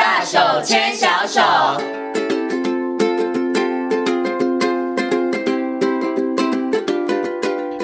大手牽小手。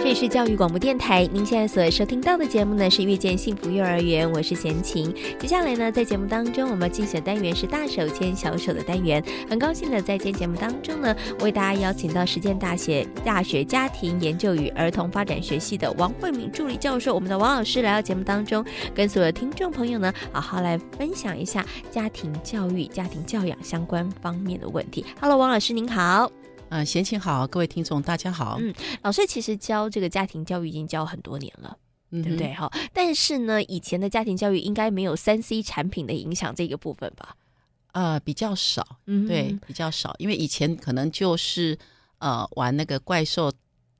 這是裡教育廣播電台，您現在所收聽到的節目呢是《遇見幸福幼兒園》，我是閒琴。接下來呢，在節目當中，我們進行的單元是“大手牽小手”的單元，很高興的在今天節目當中呢，為大家邀請到實踐大學大學家庭研究與兒童發展學系的王慧敏助理教授，我們的王老師來到節目當中，跟所有聽眾朋友呢，好好來分享一下家庭教育、家庭教養相關方面的問題。Hello，王老師，您好。嗯，閒情好，各位聽眾，大家好。嗯，老師其實教這個家庭教育已經教很多年了，嗯、哼對不對哈？但是呢，以前的家庭教育應該沒有三 C 產品的影響這個部分吧？啊、呃，比較少，嗯哼，對，比較少，因為以前可能就是呃玩那個怪獸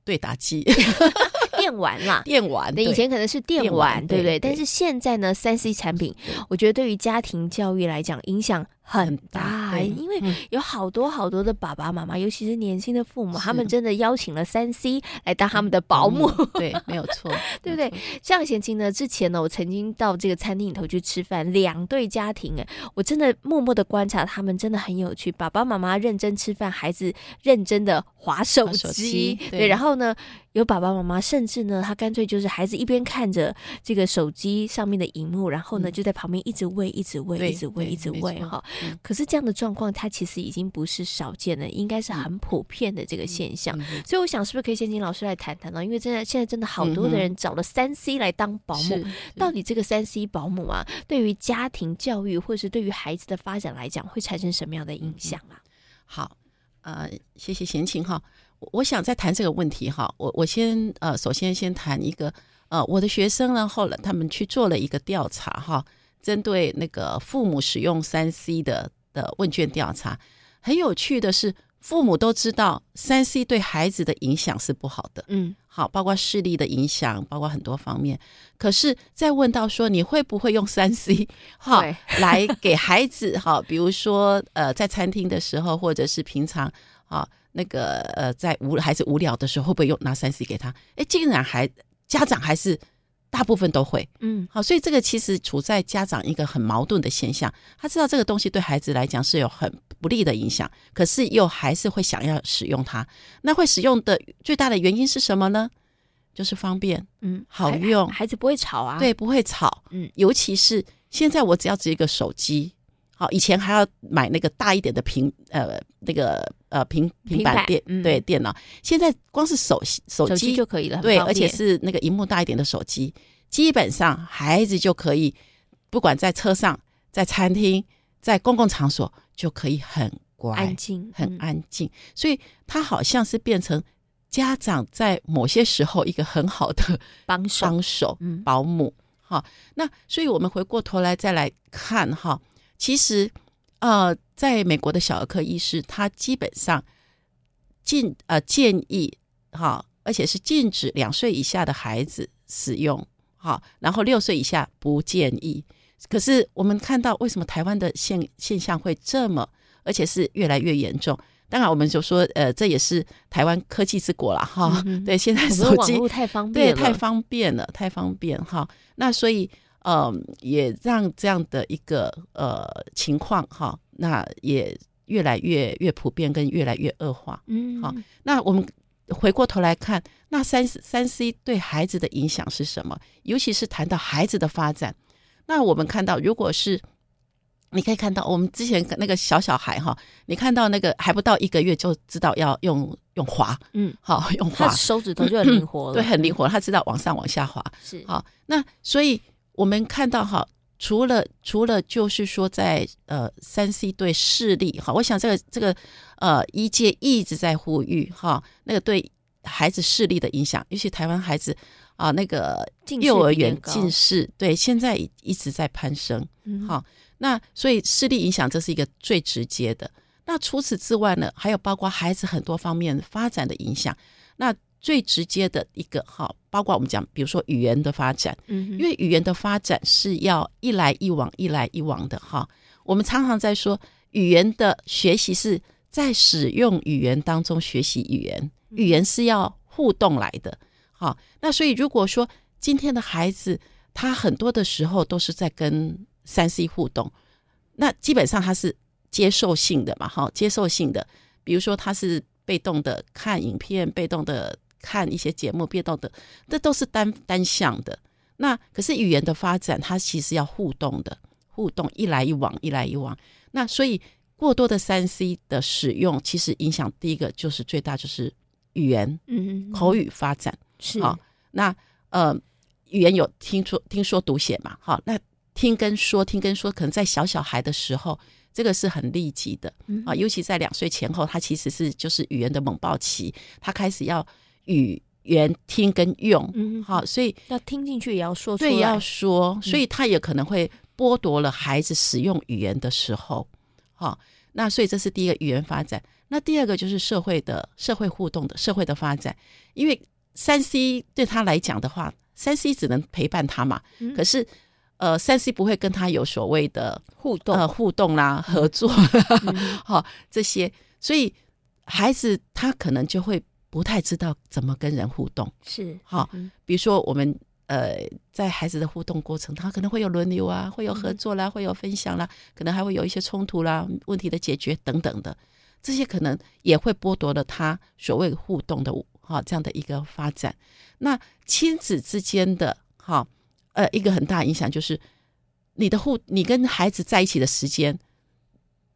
對打機，電 玩啦，電玩，對，以前可能是電玩，對不對？但是現在呢，三 C 產品，我覺得對於家庭教育來講，影響。很大，對因為有好多好多的爸爸媽媽，嗯、尤其是年輕的父母，啊、他們真的邀請了三 C 來當他們的保姆。嗯嗯、對，沒有錯， 對不對？像賢青呢，之前呢，我曾經到這個餐廳裡頭去吃飯，兩對家庭，哎，我真的默默的觀察他們，真的很有趣。爸爸媽媽認真吃飯，孩子認真的滑手機。滑手機，對，對，然後呢，有爸爸媽媽甚至呢，他乾脆就是孩子一邊看着這個手機上面的熒幕，然後呢就在旁邊一直餵，一直餵，對一直餵，對一直餵，哈錯。哦。可是這樣的狀況，它其實已經不是少見的，應該是很普遍的這個現象。嗯、所以我想，是不是可以先請老師來談談呢？因為現在現在真的好多的人找了三 C 來當保姆，嗯、到底這個三 C 保姆啊，對於家庭教育或是對於孩子的發展來講，會產生什麼樣的影響啊？好，呃，謝謝賢慶哈。我我想再談這個問題哈。我我先呃，首先先談一個呃，我的學生呢，後來他們去做了一個調查哈。針對那個父母使用三 C 的的問卷調查，很有趣的是，父母都知道三 C 對孩子的影響是不好的。嗯，好，包括視力的影響，包括很多方面。可是，再問到說你會不會用三 C，好，對 來給孩子，好，比如說呃，在餐廳的時候，或者是平常，好、啊、那個呃，在無孩子無聊的時候，會不會用拿三 C 給他？哎，竟然還家長還是。大部分都會，嗯，好，哦，所以這個其實處在家長一個很矛盾的現象，他知道這個東西對孩子來講是有很不利的影響，可是又還是會想要使用它。那會使用的最大的原因是什麼呢？就是方便，嗯，好用，孩子不會吵啊，對，不會吵，嗯，尤其是現在我只要只有一個手機。好，以前還要買那個大一點的平，呃，那個呃，平平板電平板對，嗯、電腦，現在光是手手機就可以了，對，而且是那個熒幕大一點的手機，基本上孩子就可以，不管在車上、在餐廳、在公共場所，就可以很乖，安靜，很安靜。嗯、所以他好像是變成家長在某些時候一個很好的幫手，幫手，保姆。嗯、好，那所以我們回過頭來再來看哈。其實，呃，在美國的小兒科醫師，他基本上禁呃建議哈，而且是禁止兩歲以下的孩子使用哈，然後六歲以下不建議。可是我們看到為什麼台灣的現現象會這麼，而且是越來越嚴重？當然，我們就說，呃，這也是台灣科技之國了哈。嗯、哼對，現在手機網絡太方便，對，太方便了，太方便哈。那所以。嗯，也讓這樣的一個呃情況哈、哦，那也越來越越普遍，跟越來越惡化。嗯，嗯，好、哦，那我們回過頭來看，那三三 C 對孩子的影響是什麼？尤其是談到孩子的發展，那我們看到，如果是你可以看到，我們之前那個小小孩哈、哦，你看到那個還不到一個月就知道要用用滑，嗯，好、哦、用滑，他手指頭就很靈活了， 對，很靈活，他知道往上往下滑，是好、哦，那所以。我們看到哈，除了除了就是說在呃三 C 對視力哈，我想這個這個呃，醫界一直在呼籲哈，那個對孩子視力的影響，尤其台灣孩子啊，那個幼兒園近視，對，現在一直在攀升，嗯、那所以視力影響這是一個最直接的。那除此之外呢，還有包括孩子很多方面發展的影響，那。最直接的一個哈，包括我們講，比如說語言的發展，嗯哼，因為語言的發展是要一來一往、一來一往的哈。我們常常在說，語言的學習是在使用語言當中學習語言，語言是要互動來的。好，那所以如果說今天的孩子，他很多的時候都是在跟三 C 互動，那基本上他是接受性的嘛，哈，接受性的，比如說他是被動的看影片，被動的。看一些節目，被動的，這都是單單向的。那可是語言的發展，它其實要互動的，互動一來一往，一來一往。那所以過多的三 C 的使用，其實影響第一個就是最大就是語言，嗯，嗯，嗯，口語發展是、哦、那呃，語言有聽說聽說讀寫嘛，好、哦，那聽跟說，聽跟說，可能在小小孩的時候，這個是很立即的啊、嗯哦，尤其在兩歲前後，他其實是就是語言的猛爆期，他開始要。語言聽跟用，嗯、哼好，所以要聽進去也要說出來，所以要說，所以他也可能會剝奪了孩子使用語言的時候，好、嗯哦，那所以這是第一個語言發展，那第二個就是社會的社會互動的社會的發展，因為三 C 對他來講的話，三 C 只能陪伴他嘛，嗯、可是呃，三 C 不會跟他有所謂的互動、呃、互動啦、合作，哈，這些，所以孩子他可能就會。不太知道怎麼跟人互動，是好、哦，比如說我們呃，在孩子的互動過程，他可能會有輪流啊，會有合作啦，嗯、會有分享啦，可能還會有一些衝突啦，問題的解決等等的，這些可能也會剝奪了他所謂互動的哈、哦、這樣的一個發展。那親子之間的哈、哦、呃一個很大影響就是你的互，你跟孩子在一起的時間，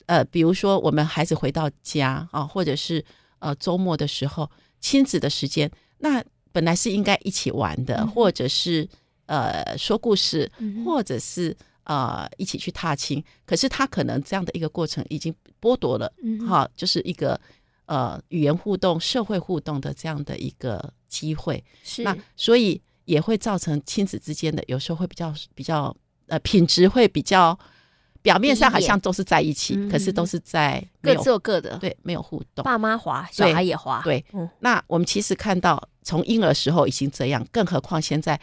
呃，比如說我們孩子回到家啊、哦，或者是。呃，週末的時候，親子的時間，那本來是應該一起玩的，嗯、哼或者是呃說故事，嗯、哼或者是呃一起去踏青。可是他可能這樣的一個過程已經剝奪了，哈、嗯哼啊，就是一個呃語言互動、社會互動的這樣的一個機會。是那，所以也會造成親子之間的有時候會比較比較呃品質會比較。表面上好像都是在一起，一，可是都是在各自各的，對，沒有互動。爸媽滑，小孩也滑。對，對嗯、那我們其實看到從嬰兒時候已經這樣，更何況現在，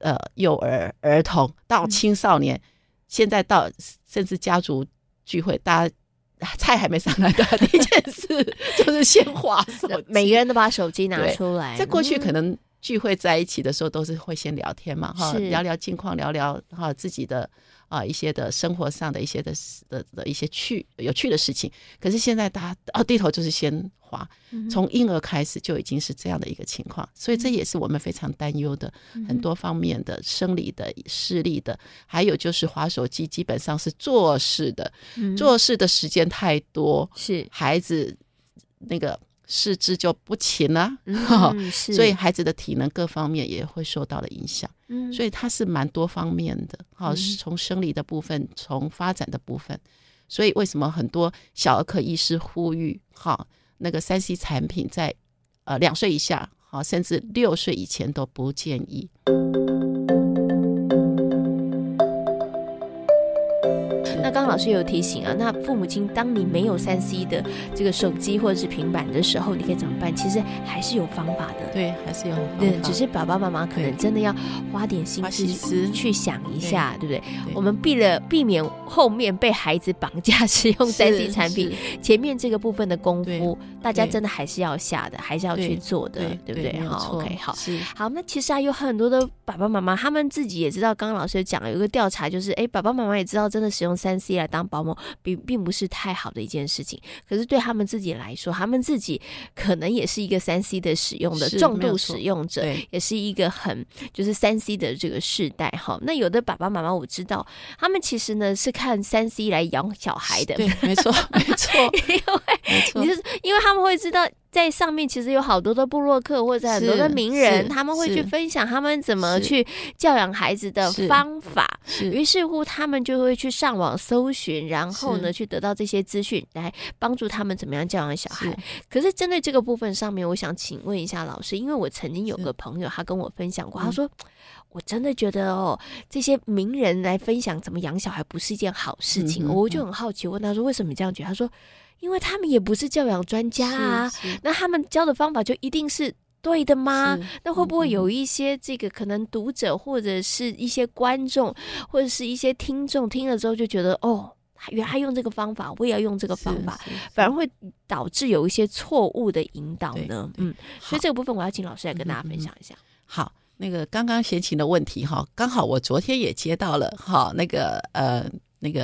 呃，幼兒兒童到青少年，嗯、現在到甚至家族聚會，大家菜還沒上來的，第一件事就是先滑手機 每個人都把手機拿出來。在過去可能。嗯聚會在一起的時候，都是會先聊天嘛，是哈，聊聊近況，聊聊哈自己的啊、呃、一些的生活上的一些的的的、呃、一些趣有趣的事情。可是現在大家啊，低、哦、頭就是先滑，嗯、哼從嬰兒開始就已經是這樣的一個情況，嗯、哼所以這也是我們非常擔憂的、嗯、哼很多方面的生理的視力的，還有就是滑手機基本上是做事的，做事、嗯、哼的時間太多，是、嗯、哼孩子是那個。四肢就不勤了、啊嗯哦，所以孩子的體能各方面也會受到了影響，嗯、所以它是蠻多方面的。好、哦，嗯、從生理的部分，從發展的部分，所以為什麼很多小兒科醫師呼籲，好、哦、那個三 C 產品在呃兩歲以下，好、哦、甚至六歲以前都不建議。嗯那剛剛老師有提醒啊，那父母親當你沒有三 C 的這個手機或者是平板的時候，你可以怎麼辦？其實還是有方法的。對，還是有方法。對，只是爸爸媽媽可能真的要花點心思去想一下，對不對？我們避了避免後面被孩子綁架使用三 C 產品，前面這個部分的功夫，大家真的還是要下的，還是要去做的，對不對？好，OK，好。是。好，那其實還有很多的爸爸媽媽，他們自己也知道，剛剛老師講了有個調查，就是哎，爸爸媽媽也知道，真的使用三。三 C 來當保姆，並並不是太好的一件事情，可是對他們自己來說，他們自己可能也是一個三 C 的使用的是重度使用者，也是一個很就是三 C 的這個世代哈。那有的爸爸媽媽，我知道他們其實呢，是看三 C 來養小孩的，沒錯，沒錯， 因為錯你，就是因為他們會知道。在上面其實有好多的部落客或者很多的名人，他們會去分享他們怎麼去教養孩子的方法。是是於是乎，他們就會去上網搜尋，然後呢，是去得到這些資訊來幫助他們怎麼樣教養小孩。是可是針對這個部分上面，我想請問一下老師，因為我曾經有個朋友，他跟我分享過，是他說：“嗯、我真的覺得哦，這些名人來分享怎麼養小孩不是一件好事情。嗯哼哼”我就很好奇問他說：“為什麼這樣覺得？”他說。因為他們也不是教養專家啊，那他們教的方法就一定是對的嗎？是那會不會有一些這個可能讀者或者是一些觀眾或者是一些聽眾聽了之後就覺得哦，原來用這個方法，我也要用這個方法，反而會導致有一些錯誤的引導呢？嗯，所以這個部分我要請老師來跟大家分享一下。嗯嗯嗯、好，那個剛剛先琴的問題哈，剛好我昨天也接到了，哈，那個呃那個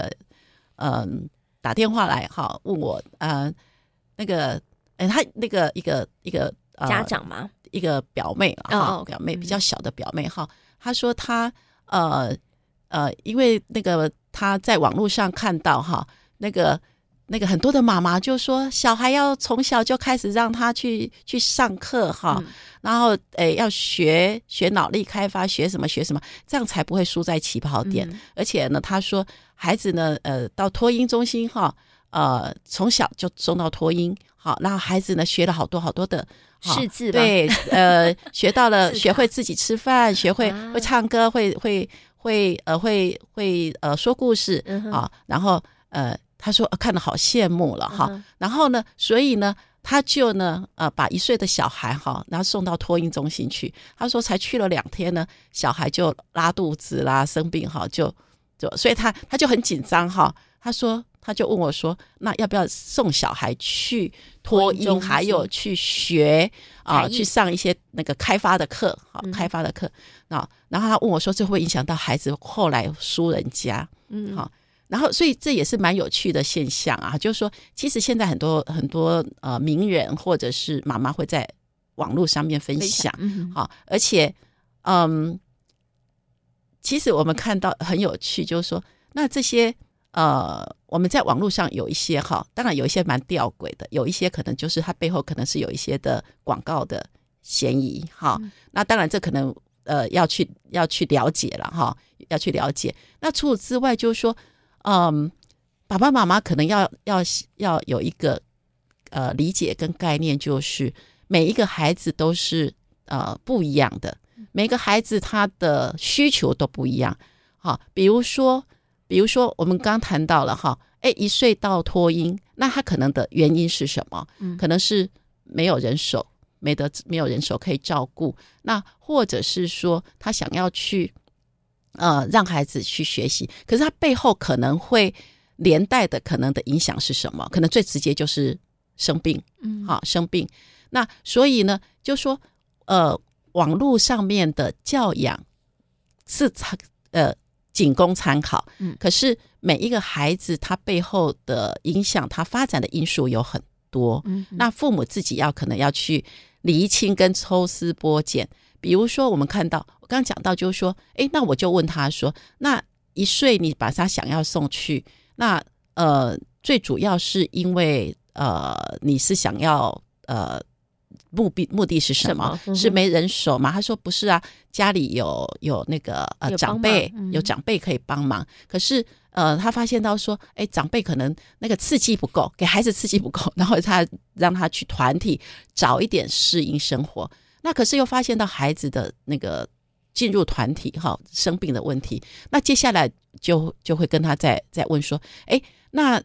嗯。呃打電話來哈，問我呃，那個，哎、欸，他那個一個一個、呃、家長嗎？一個表妹啊，Oh, okay. 表妹比較小的表妹哈，他說他呃呃，因為那個他在網絡上看到哈、呃，那個。那個很多的媽媽就說，小孩要從小就開始讓他去去上課哈，嗯、然後誒要學學腦力開發，學什麼學什麼，這樣才不會輸在起跑點。嗯、哼而且呢，他說孩子呢，呃，到托嬰中心哈，呃，從小就送到托嬰。好，然後孩子呢學了好多好多的識字、哦，對，呃，學到了， 的學會自己吃飯，學會會唱歌，會會呃會呃會會呃說故事啊，嗯、哼然後呃。他說、啊：“看得好羨慕了哈，嗯、哼然後呢，所以呢，他就呢，呃，把一歲的小孩哈，然後送到托嬰中心去。他說才去了兩天呢，小孩就拉肚子啦，生病哈、哦，就就，所以他他就很緊張哈、哦。他說他就問我說，那要不要送小孩去托嬰，托嬰中心還有去學藝啊，去上一些那個開發的課啊、哦，開發的課。然後、嗯、哼然後他問我說，這會影響到孩子後來輸人家，嗯哼，好、哦。”然後，所以這也是蠻有趣的現象啊，就是說，其實現在很多很多呃名人或者是媽媽會在網絡上面分享，好、嗯哼、哦，而且，嗯，其實我們看到很有趣，就是說，那這些呃，我們在網絡上有一些哈，當然有一些蠻吊詭的，有一些可能就是它背後可能是有一些的廣告的嫌疑，哈、嗯哦，那當然這可能呃要去要去了解了哈、哦，要去了解。那除此之外，就是說。嗯，um, 爸爸媽媽可能要要要有一個呃理解跟概念，就是每一個孩子都是呃不一樣的，每個孩子他的需求都不一樣。好、哦，比如說，比如說我們剛剛談到了哈，哎、哦，一歲到托嬰，那他可能的原因是什麼？可能是沒有人手，沒得沒有人手可以照顧，那或者是說他想要去。呃，讓孩子去學習，可是他背後可能會連帶的可能的影響是什麼？可能最直接就是生病，嗯、好、啊、生病。那所以呢，就說呃，網絡上面的教養是參呃僅供參考，嗯，可是每一個孩子他背後的影響，他發展的因素有很多，嗯哼，那父母自己要可能要去釐清跟抽絲剝繭。比如說，我們看到我剛剛講到，就是說，哎，那我就問他說，那一歲你把他想要送去，那呃，最主要是因為呃，你是想要呃，目的目的是什麼？什麼嗯、是沒人手嗎？他說不是啊，家裡有有那個呃長輩，有長輩可以幫忙。嗯、可是呃，他發現到說，哎，長輩可能那個刺激不夠，給孩子刺激不夠，然後他讓他去團體找一點適應生活。那可是又發現到孩子的那個進入團體哈、哦、生病的問題，那接下來就就會跟他再再問說，哎，那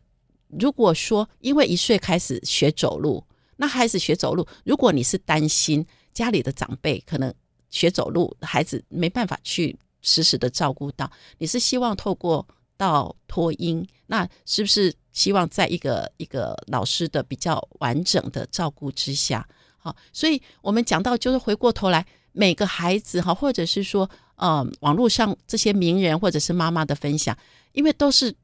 如果說因為一歲開始學走路，那孩子學走路，如果你是擔心家裡的長輩可能學走路，孩子沒辦法去時時的照顧到，你是希望透過到托嬰，那是不是希望在一個一個老師的比較完整的照顧之下？好、啊，所以我們講到，就是回過頭來，每個孩子哈、啊，或者是說，嗯、呃，網路上這些名人或者是媽媽的分享，因為都是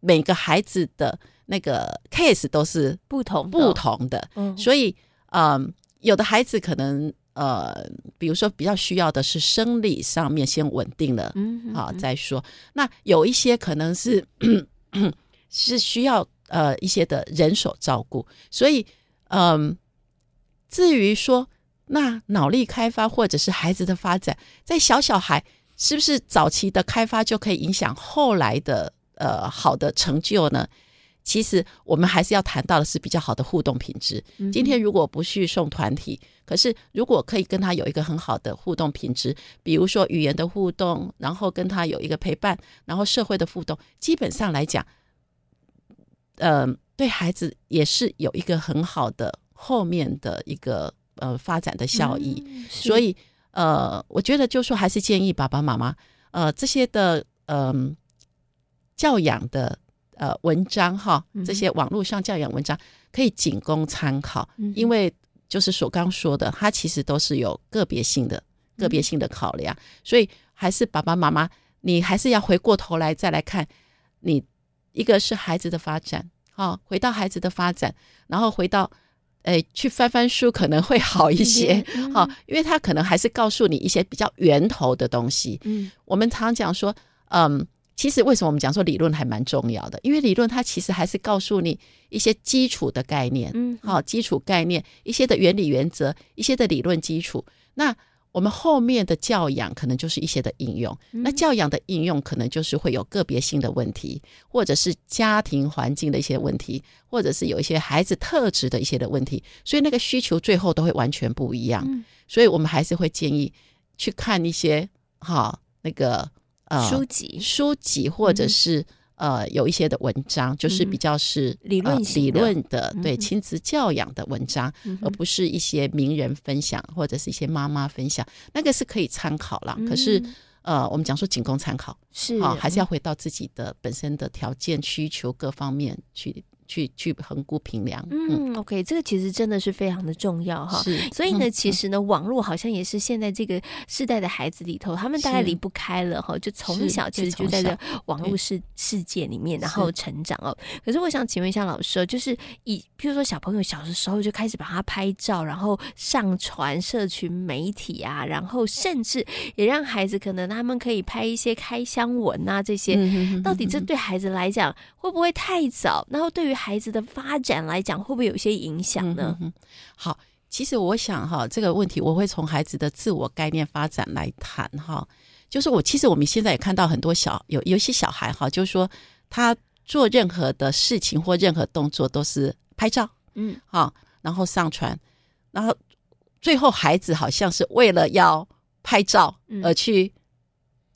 每個孩子的那個 case 都是不同不同的，嗯，所以，嗯、呃，有的孩子可能，呃，比如說比較需要的是生理上面先穩定了，嗯、啊，好再說，嗯嗯、那有一些可能是 是需要呃一些的人手照顧，所以，嗯、呃。至於說那腦力開發或者是孩子的發展，在小小孩是不是早期的開發就可以影響後來的呃好的成就呢？其實我們還是要談到的是比較好的互動品質。嗯、哼今天如果不去送團體，可是如果可以跟他有一個很好的互動品質，比如說語言的互動，然後跟他有一個陪伴，然後社會的互動，基本上來講，呃，對孩子也是有一個很好的。後面的一個呃發展的效益，嗯、所以呃，我覺得就說還是建議爸爸媽媽呃這些的嗯、呃、教養的呃文章哈，這些網絡上教養文章可以僅供參考，嗯、哼因為就是所剛說的，它其實都是有個別性的、個別性的考量，嗯、哼所以還是爸爸媽媽，你還是要回過頭來再來看你一個是孩子的發展，哈、哦，回到孩子的發展，然後回到。誒，去翻翻書可能會好一些、嗯嗯哦，因為它可能還是告訴你一些比較源頭的東西。嗯，我們常講說，嗯，其實為什麼我們講說理論還蠻重要的？因為理論它其實還是告訴你一些基礎的概念，嗯哼，好、哦，基礎概念，一些的原理原則，一些的理論基礎。那我們後面的教養可能就是一些的應用，嗯。那教養的應用可能就是會有個別性的問題，或者是家庭環境的一些問題，或者是有一些孩子特質的一些的問題，所以那個需求最後都會完全不一樣。嗯。所以我們還是會建議去看一些，哈，那個，呃，書籍，書籍或者是、嗯。呃，有一些的文章就是比較是理論理論的，對親子教養的文章，嗯、哼而不是一些名人分享或者是一些媽媽分享，那個是可以參考啦。嗯、哼可是，呃，我們講說僅供參考，是、嗯、哼啊，還是要回到自己的本身的條件、需求各方面去。去去橫估平量，嗯,嗯，OK，這個其實真的是非常的重要哈。是，嗯、所以呢，其實呢，網絡好像也是現在這個世代的孩子裡頭，他們大概離不開了哈是，就從小其實就在這網絡世世界裡面，然後成長哦。對可是我想請問一下老師、哦，就是以比如說小朋友小的時候就開始把他拍照，然後上傳社群媒體啊，然後甚至也讓孩子可能他們可以拍一些開箱文啊這些，嗯、哼哼哼哼到底這對孩子來講會不會太早？然後對於對孩子的發展來講，會不會有些影響呢、嗯哼哼？好，其實我想哈、哦，這個問題我會從孩子的自我概念發展來談哈、哦。就是我其實我們現在也看到很多小有有些小孩哈、哦，就是說他做任何的事情或任何動作都是拍照，嗯，啊、哦，然後上傳，然後最後孩子好像是為了要拍照而去、嗯。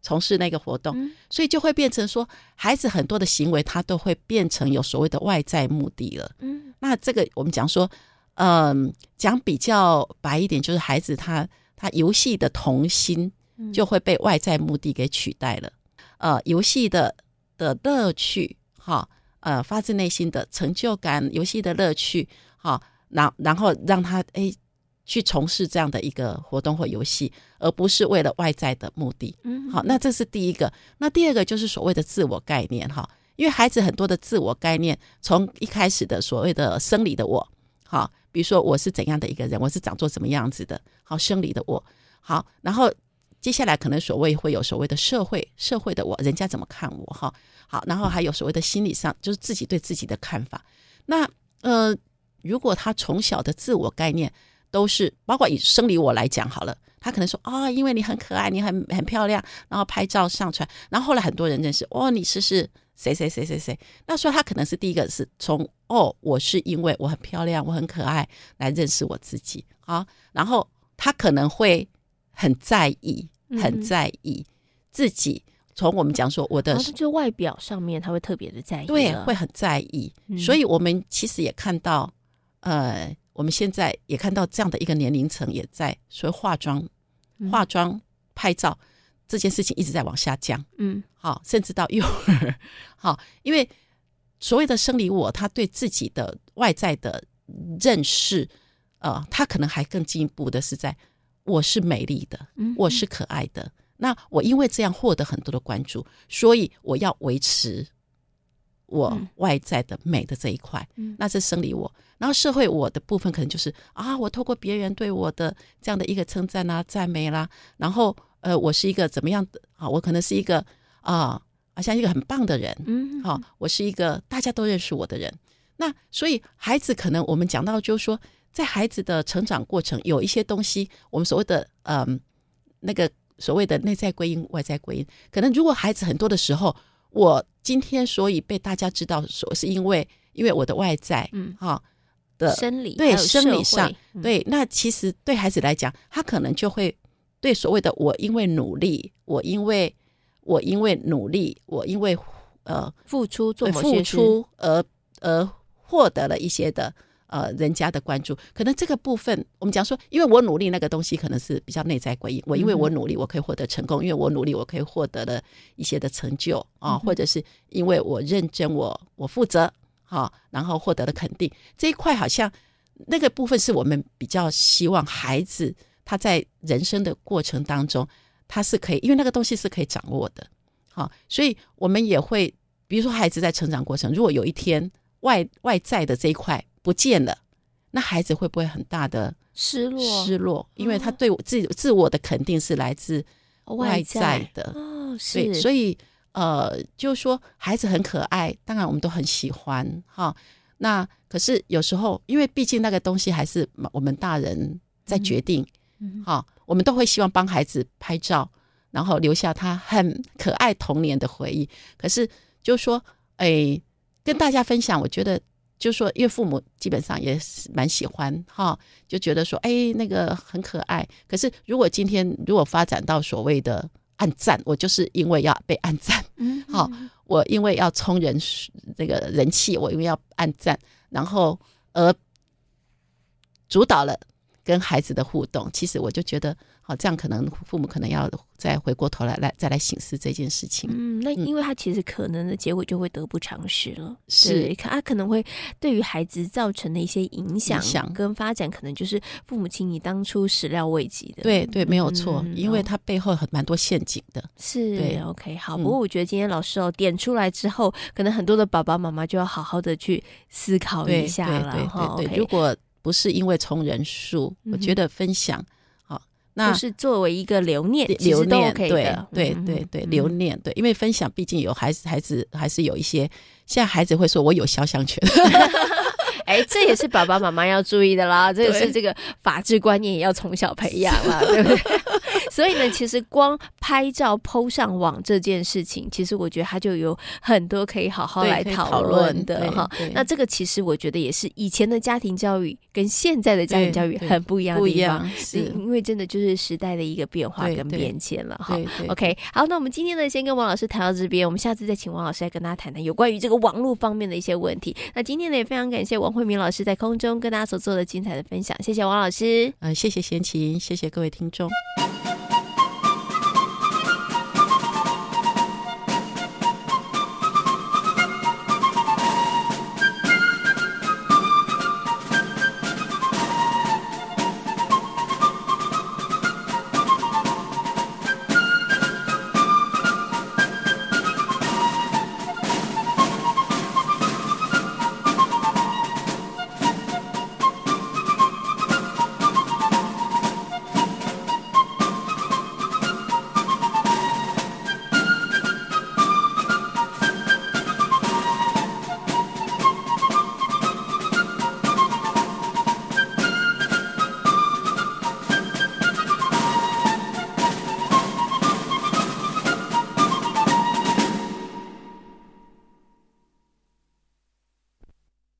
從事那個活動，所以就會變成說，孩子很多的行為，他都會變成有所謂的外在目的了。嗯，那這個我們講說，嗯、呃，講比較白一點，就是孩子他他遊戲的童心就會被外在目的給取代了。嗯、呃，遊戲的的樂趣，哈，呃，發自內心的成就感，遊戲的樂趣，哈，然後然後讓他誒。去從事這樣的一個活動或遊戲，而不是為了外在的目的。嗯，好，那這是第一個。那第二個就是所謂的自我概念哈，因為孩子很多的自我概念從一開始的所謂的生理的我，好，比如說我是怎樣的一個人，我是長作什麼樣子的，好，生理的我，好，然後接下來可能所謂會有所謂的社會社會的我，人家怎麼看我，哈，好，然後還有所謂的心理上就是自己對自己的看法。那呃，如果他從小的自我概念。都是包括以生理我來講好了，他可能說啊、哦，因為你很可愛，你很很漂亮，然後拍照上傳，然後後來很多人認識，哦，你是是誰誰誰誰誰，那所以他可能是第一個是從哦，我是因為我很漂亮，我很可愛來認識我自己啊，然後他可能會很在意，很在意自己。嗯、從我們講說，我的、啊、這就外表上面他會特別的在意的，對，會很在意。嗯、所以我們其實也看到，呃。我們現在也看到這樣的一個年齡層，也在，所以化妝、化妝、拍照這件事情一直在往下降。嗯，好，甚至到幼兒，好，因為所謂的生理我，他對自己的外在的認識，呃，他可能還更進一步的是在我是美麗的，我是可愛的，嗯哼，那我因為這樣獲得很多的關注，所以我要維持。我外在的美的這一塊，嗯、那是生理我，然後社會我的部分可能就是啊，我透過別人對我的這樣的一個稱讚啊，讚美啦，然後呃，我是一個怎麼樣的啊？我可能是一個啊好像一個很棒的人，嗯哼哼，好、啊，我是一個大家都認識我的人。那所以孩子可能我們講到就是說，在孩子的成長過程有一些東西，我們所謂的嗯、呃，那個所謂的內在歸因、外在歸因，可能如果孩子很多的時候，我。今天所以被大家知道，所是因為因為我的外在，嗯哈的生理對生理上，對，嗯、那其實對孩子來講，他可能就會對所謂的我，因為努力，我因為我因為努力，我因為呃付出做某些事付出而而獲得了一些的。呃，人家的關注，可能這個部分，我們講說，因為我努力那個東西，可能是比較內在歸因。我因為我努力，我可以獲得成功；因為我努力，我可以獲得了一些的成就啊，或者是因為我認真我，我我負責，好、啊，然後獲得了肯定。這一塊好像那個部分是我們比較希望孩子他在人生的過程當中，他是可以，因為那個東西是可以掌握的，好、啊，所以我們也會，比如說孩子在成長過程，如果有一天外外在的這一塊。不見了，那孩子會不會很大的失落？失落，因為他對我自、哦、自我的肯定是來自外在的外在哦。是，所以呃，就說孩子很可愛，當然我們都很喜歡哈、哦。那可是有時候，因為畢竟那個東西還是我們大人在決定，嗯，好、嗯哦，我們都會希望幫孩子拍照，然後留下他很可愛童年的回憶。嗯、可是就說，哎、欸，跟大家分享，我覺得。就說，因為父母基本上也是蠻喜歡哈、哦，就覺得說，哎，那個很可愛。可是，如果今天如果發展到所謂的按讚，我就是因為要被按讚，嗯，好，我因為要衝人那個人氣，我因為要按讚，然後而主導了。跟孩子的互動，其實我就覺得，哦，這樣可能父母可能要再回過頭來來再來省思這件事情。嗯，那因為他其實可能的結果就會得不償失了。是，他、啊、可能會對於孩子造成的一些影響跟發展，響可能就是父母親你當初始料未及的。對對，沒有錯，嗯、因為他背後很蠻多陷阱的。哦、對是，對，OK，好。不過我覺得今天老師哦、嗯、點出來之後，可能很多的爸爸媽媽就要好好的去思考一下了。對對對，對對哦 okay、如果。不是因為從人數，嗯、哼我覺得分享好、嗯哼哦，那是作為一個留念，留念、OK、的對對對對、嗯、哼留念對，因為分享畢竟有孩子，孩子還是有一些，現在孩子會說我有肖像權，哎、 欸，這也是爸爸媽媽要注意的啦，對這也是這個法治觀念也要從小培養嘛，對， 對不對？所以呢，其實光拍照 PO 上網這件事情，其實我覺得它就有很多可以好好來討論的哈。哦、那這個其實我覺得也是以前的家庭教育跟現在的家庭教育很不一樣，的地方，是，因為真的就是時代的一個變化跟變遷了哈。哦、OK，好，那我們今天呢，先跟王老師談到這邊，我們下次再請王老師來跟大家談談有關於這個網絡方面的一些問題。那今天呢，也非常感謝王慧敏老師在空中跟大家所做的精彩的分享，謝謝王老師。嗯、呃，謝謝賢琴，謝謝各位聽眾。